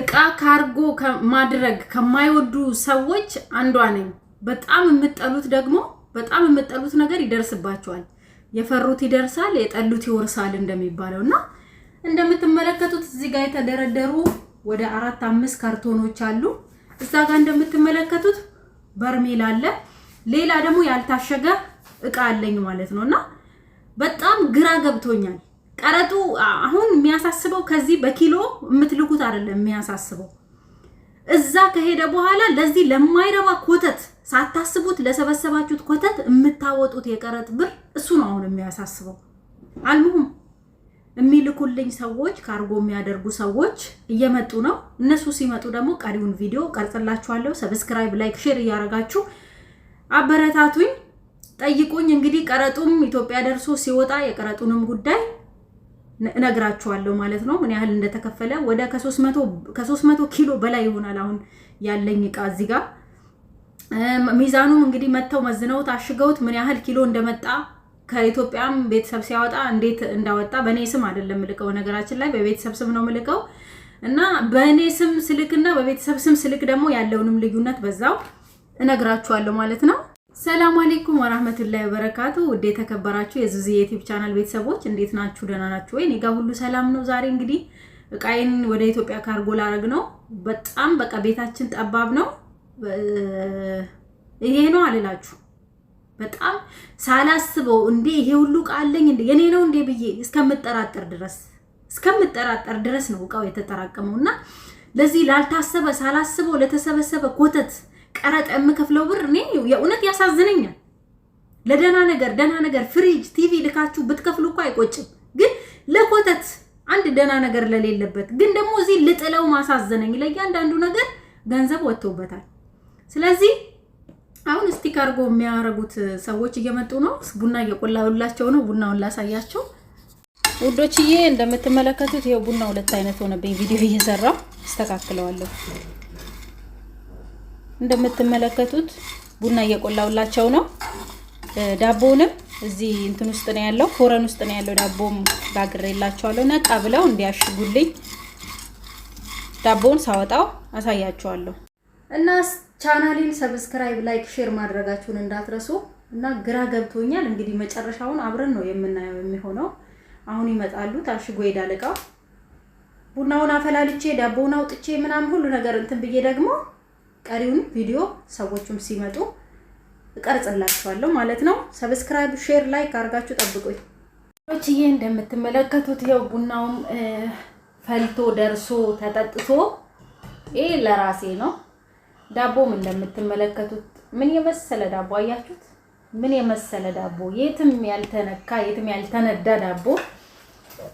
እቃ ካርጎ ማድረግ ከማይወዱ ሰዎች አንዷ ነኝ። በጣም የምጠሉት ደግሞ በጣም የምጠሉት ነገር ይደርስባቸዋል። የፈሩት ይደርሳል፣ የጠሉት ይወርሳል እንደሚባለው እና እንደምትመለከቱት እዚህ ጋር የተደረደሩ ወደ አራት አምስት ካርቶኖች አሉ። እዛ ጋር እንደምትመለከቱት በርሜል አለ። ሌላ ደግሞ ያልታሸገ እቃ አለኝ ማለት ነው እና በጣም ግራ ገብቶኛል። ቀረጡ አሁን የሚያሳስበው ከዚህ በኪሎ የምትልኩት አይደለም። የሚያሳስበው እዛ ከሄደ በኋላ ለዚህ ለማይረባ ኮተት ሳታስቡት ለሰበሰባችሁት ኮተት የምታወጡት የቀረጥ ብር እሱ ነው አሁን የሚያሳስበው። አልሙሁም የሚልኩልኝ ሰዎች ካርጎ የሚያደርጉ ሰዎች እየመጡ ነው። እነሱ ሲመጡ ደግሞ ቀሪውን ቪዲዮ ቀርጽላችኋለሁ። ሰብስክራይብ፣ ላይክ፣ ሼር እያደረጋችሁ አበረታቱኝ፣ ጠይቁኝ። እንግዲህ ቀረጡም ኢትዮጵያ ደርሶ ሲወጣ የቀረጡንም ጉዳይ እነግራችኋለሁ ማለት ነው ምን ያህል እንደተከፈለ። ወደ ከሶስት መቶ ኪሎ በላይ ይሆናል አሁን ያለኝ እቃ እዚህ ጋር። ሚዛኑም እንግዲህ መጥተው መዝነውት አሽገውት ምን ያህል ኪሎ እንደመጣ ከኢትዮጵያም ቤተሰብ ሲያወጣ እንዴት እንዳወጣ በእኔ ስም አይደለም ምልቀው፣ ነገራችን ላይ በቤተሰብ ስም ነው ምልቀው እና በእኔ ስም ስልክና በቤተሰብ ስም ስልክ ደግሞ ያለውንም ልዩነት በዛው እነግራችኋለሁ ማለት ነው። ሰላም አሌይኩም ወራህመቱላሂ ወበረካቱ። ውድ የተከበራችሁ የዙዚ የዩቲዩብ ቻናል ቤተሰቦች እንዴት ናችሁ? ደህና ናችሁ ወይ? እኔ ሁሉ ሰላም ነው። ዛሬ እንግዲህ እቃዬን ወደ ኢትዮጵያ ካርጎ ላረግ ነው። በጣም በቃ ቤታችን ጠባብ ነው። ይሄ ነው አልላችሁ። በጣም ሳላስበው እንዴ ይሄ ሁሉ እቃ አለኝ እንዴ የኔ ነው እንዴ ብዬ እስከምጠራጠር ድረስ እስከምጠራጠር ድረስ ነው እቃው የተጠራቀመው እና ለዚህ ላልታሰበ ሳላስበው ለተሰበሰበ ኮተት ቀረጥ የምከፍለው ብር እኔ የእውነት ያሳዝነኛል። ለደህና ነገር ደህና ነገር ፍሪጅ፣ ቲቪ ልካችሁ ብትከፍሉ እኮ አይቆጭም። ግን ለኮተት አንድ ደህና ነገር ለሌለበት ግን ደግሞ እዚህ ልጥለው ማሳዘነኝ። ለእያንዳንዱ ነገር ገንዘብ ወጥቶበታል። ስለዚህ አሁን እስቲ ካርጎ የሚያረጉት ሰዎች እየመጡ ነው። ቡና እየቆላሁላቸው ነው። ቡናውን ላሳያቸው ውዶችዬ። እንደምትመለከቱት ይኸው ቡና ሁለት አይነት ሆነብኝ። ቪዲዮ እየሰራሁ አስተካክለዋለሁ። እንደምትመለከቱት ቡና እየቆላውላቸው ነው። ዳቦውንም እዚህ እንትን ውስጥ ነው ያለው፣ ፎረን ውስጥ ነው ያለው። ዳቦም ጋግሬላቸዋለሁ። ነቃ ብለው እንዲያሽጉልኝ ዳቦውን ሳወጣው አሳያቸዋለሁ። እና ቻናሌን ሰብስክራይብ፣ ላይክ፣ ሼር ማድረጋችሁን እንዳትረሱ። እና ግራ ገብቶኛል እንግዲህ መጨረሻውን አብረን ነው የምናየው የሚሆነው። አሁን ይመጣሉ። ታሽጎ ሄዳል እቃው። ቡናውን አፈላልቼ ዳቦውን አውጥቼ ምናምን ሁሉ ነገር እንትን ብዬ ደግሞ ቀሪውን ቪዲዮ ሰዎቹም ሲመጡ እቀርጽላችኋለሁ ማለት ነው። ሰብስክራይብ፣ ሼር፣ ላይክ አድርጋችሁ ጠብቁኝ። ይሄ እንደምትመለከቱት ያው ቡናውም ፈልቶ ደርሶ ተጠጥቶ ይህ ለራሴ ነው። ዳቦም እንደምትመለከቱት ምን የመሰለ ዳቦ አያችሁት? ምን የመሰለ ዳቦ፣ የትም ያልተነካ የትም ያልተነዳ ዳቦ፣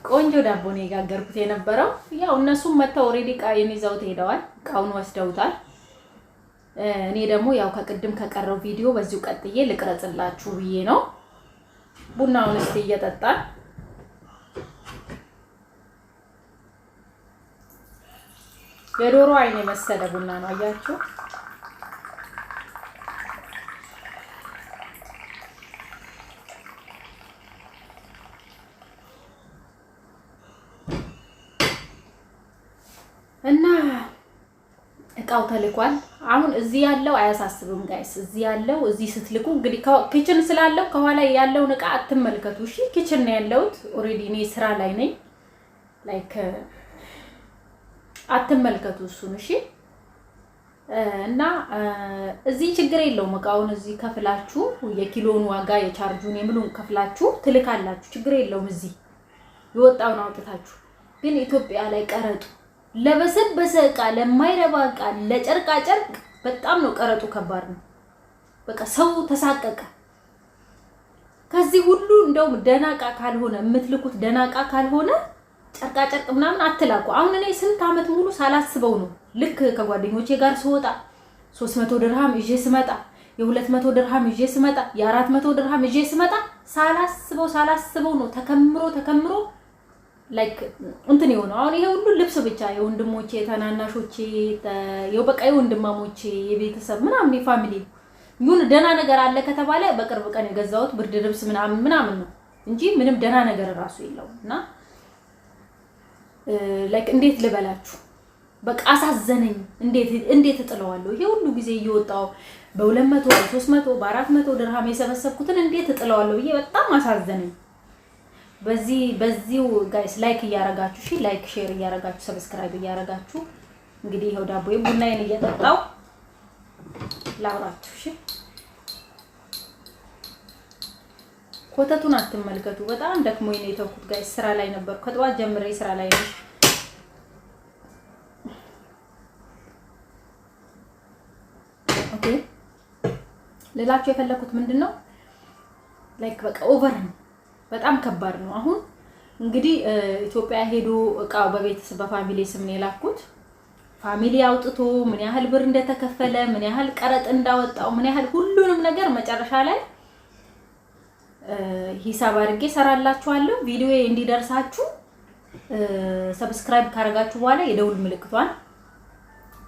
ቆንጆ ዳቦ ነው የጋገርኩት የነበረው። ያው እነሱም መጥተው ኦልሬዲ እቃ ይዘውት ሄደዋል። እቃውን ወስደውታል። እኔ ደግሞ ያው ከቅድም ከቀረው ቪዲዮ በዚሁ ቀጥዬ ልቅረጽላችሁ ብዬ ነው። ቡናውን እስቲ እየጠጣን የዶሮ አይን የመሰለ ቡና ነው አያችሁ። እና እቃው ተልኳል። አሁን እዚህ ያለው አያሳስብም ጋይስ። እዚህ ያለው እዚህ ስትልኩ እንግዲህ ኪችን ስላለው ከኋላ ያለውን እቃ አትመልከቱ። እሺ ኪችን ነው ያለሁት ኦልሬዲ እኔ ስራ ላይ ነኝ። ላይክ አትመልከቱ እሱን እሺ። እና እዚህ ችግር የለውም እቃውን እዚህ ከፍላችሁ የኪሎን ዋጋ የቻርጁን የምሉን ከፍላችሁ ትልካላችሁ። ችግር የለውም እዚህ የወጣውን አውጥታችሁ። ግን ኢትዮጵያ ላይ ቀረጡ ለበሰበሰ እቃ፣ ለማይረባ እቃ፣ ለጨርቃ ጨርቅ በጣም ነው ቀረጡ ከባድ ነው። በቃ ሰው ተሳቀቀ። ከዚህ ሁሉ እንደውም ደህና እቃ ካልሆነ የምትልኩት ደህና እቃ ካልሆነ ጨርቃ ጨርቅ ምናምን አትላኩ። አሁን እኔ ስንት ዓመት ሙሉ ሳላስበው ነው ልክ ከጓደኞቼ ጋር ስወጣ 300 ድርሃም ይዤ ስመጣ የሁለት መቶ ድርሃም ይዤ ስመጣ የአራት መቶ ድርሃም ይዤ ስመጣ ሳላስበው ሳላስበው ነው ተከምሮ ተከምሮ ላይክ እንትን የሆነው አሁን ይሄ ሁሉ ልብስ ብቻ የወንድሞቼ የው በቃ የወንድማሞቼ የቤተሰብ ምናምን የፋሚሊ ይሁን ደህና ነገር አለ ከተባለ በቅርብ ቀን የገዛሁት ብርድ ልብስ ምናምን ምናምን ነው እንጂ ምንም ደህና ነገር እራሱ የለውም። እና ላይክ እንዴት ልበላችሁ በቃ አሳዘነኝ። እንዴት እንዴት እጥለዋለሁ? ይሄ ሁሉ ጊዜ እየወጣው በ200 በ300 በ400 ድርሃም የሰበሰብኩትን እንዴት እጥለዋለሁ ብዬ በጣም አሳዘነኝ። በዚህ በዚው ጋይስ ላይክ እያረጋችሁ እሺ፣ ላይክ ሼር እያረጋችሁ ሰብስክራይብ እያረጋችሁ እንግዲህ ይኸው ዳቦዬ ቡናዬን እየጠጣው ላውራችሁ። እሺ፣ ኮተቱን አትመልከቱ። በጣም ደክሞኝ ነው የተውኩት ጋይስ። ስራ ላይ ነበር ከጠዋት ጀምሬ ስራ ላይ ነው። ኦኬ፣ ሌላችሁ የፈለኩት ምንድን ነው ላይክ በቃ ኦቨር ነው በጣም ከባድ ነው። አሁን እንግዲህ ኢትዮጵያ ሄዶ እቃው በቤተሰብ በፋሚሊ ስም ነው የላኩት። ፋሚሊ አውጥቶ ምን ያህል ብር እንደተከፈለ ምን ያህል ቀረጥ እንዳወጣው ምን ያህል ሁሉንም ነገር መጨረሻ ላይ ሂሳብ አድርጌ ሰራላችኋለሁ። ቪዲዮ እንዲደርሳችሁ ሰብስክራይብ ካረጋችሁ በኋላ የደውል ምልክቷን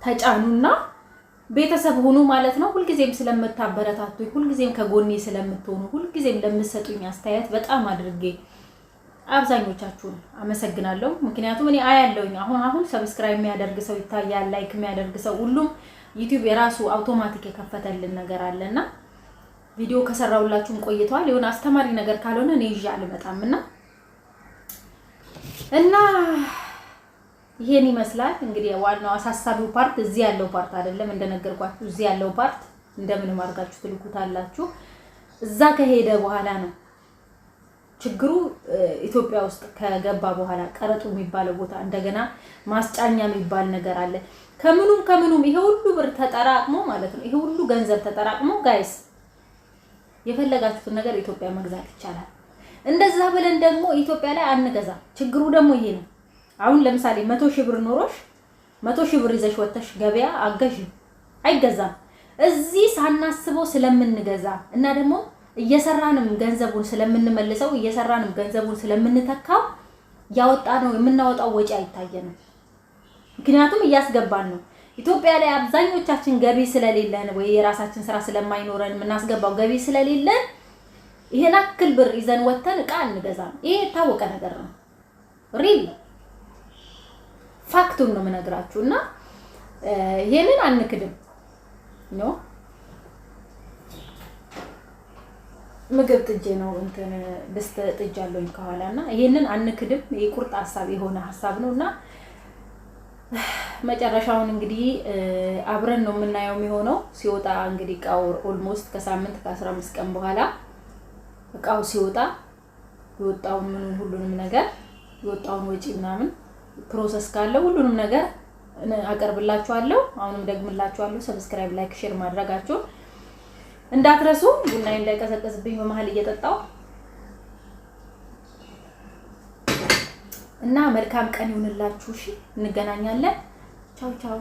ተጫኑና ቤተሰብ ሁኑ ማለት ነው። ሁልጊዜም ስለምታበረታቱ፣ ሁልጊዜም ከጎኔ ስለምትሆኑ፣ ሁልጊዜም ለምትሰጡኝ አስተያየት በጣም አድርጌ አብዛኞቻችሁን አመሰግናለሁ። ምክንያቱም እኔ አያለውኝ አሁን አሁን ሰብስክራይብ የሚያደርግ ሰው ይታያል፣ ላይክ የሚያደርግ ሰው ሁሉም ዩቲዩብ የራሱ አውቶማቲክ የከፈተልን ነገር አለና ቪዲዮ ከሰራሁላችሁም ቆይተዋል። የሆነ አስተማሪ ነገር ካልሆነ እኔ ይዤ አልመጣም እና እና ይሄን ይመስላል እንግዲህ ዋናው አሳሳቢው ፓርት እዚህ ያለው ፓርት አይደለም፣ እንደነገርኳችሁ እዚህ ያለው ፓርት እንደምንም አድርጋችሁ ትልኩታላችሁ። እዛ ከሄደ በኋላ ነው ችግሩ። ኢትዮጵያ ውስጥ ከገባ በኋላ ቀረጡ የሚባለው ቦታ እንደገና ማስጫኛ የሚባል ነገር አለ። ከምኑም ከምኑም ይሄ ሁሉ ብር ተጠራቅሞ ማለት ነው፣ ይሄ ሁሉ ገንዘብ ተጠራቅሞ ጋይስ፣ የፈለጋችሁትን ነገር ኢትዮጵያ መግዛት ይቻላል። እንደዛ ብለን ደግሞ ኢትዮጵያ ላይ አንገዛም። ችግሩ ደግሞ ይሄ ነው። አሁን ለምሳሌ መቶ ሺህ ብር ኖሮሽ መቶ ሺህ ብር ይዘሽ ወተሽ ገበያ አገዥ አይገዛም። እዚህ ሳናስበው ስለምንገዛ እና ደግሞ እየሰራንም ገንዘቡን ስለምንመልሰው እየሰራንም ገንዘቡን ስለምንተካው ያወጣ ነው የምናወጣው ወጪ አይታየንም። ምክንያቱም እያስገባን ነው። ኢትዮጵያ ላይ አብዛኞቻችን ገቢ ስለሌለን ወይ የራሳችን ስራ ስለማይኖረን የምናስገባው ገቢ ስለሌለን ይሄን አክል ብር ይዘን ወተን እቃ እንገዛም። ይሄ የታወቀ ነገር ነው ሪል ፋክቱን ነው የምነግራችሁ እና ይሄንን አንክድም ነው ምግብ ጥጄ ነው እንትን ድስት ጥጅ ከኋላ እና ይሄንን አንክድም። የቁርጥ ሀሳብ የሆነ ሀሳብ ነው እና መጨረሻውን እንግዲህ አብረን ነው የምናየው የሚሆነው። ሲወጣ እንግዲህ እቃው ኦልሞስት ከሳምንት ከአስራ አምስት ቀን በኋላ እቃው ሲወጣ የወጣውን ምኑን ሁሉንም ነገር የወጣውን ወጪ ምናምን ፕሮሰስ ካለው ሁሉንም ነገር አቀርብላችኋለሁ። አሁንም ደግምላችኋለሁ። ሰብስክራይብ፣ ላይክ፣ ሼር ማድረጋችሁ እንዳትረሱ። ቡናዬን እንዳይቀሰቀስብኝ በመሀል እየጠጣው እና መልካም ቀን ይሁንላችሁ። እሺ፣ እንገናኛለን። ቻው ቻው።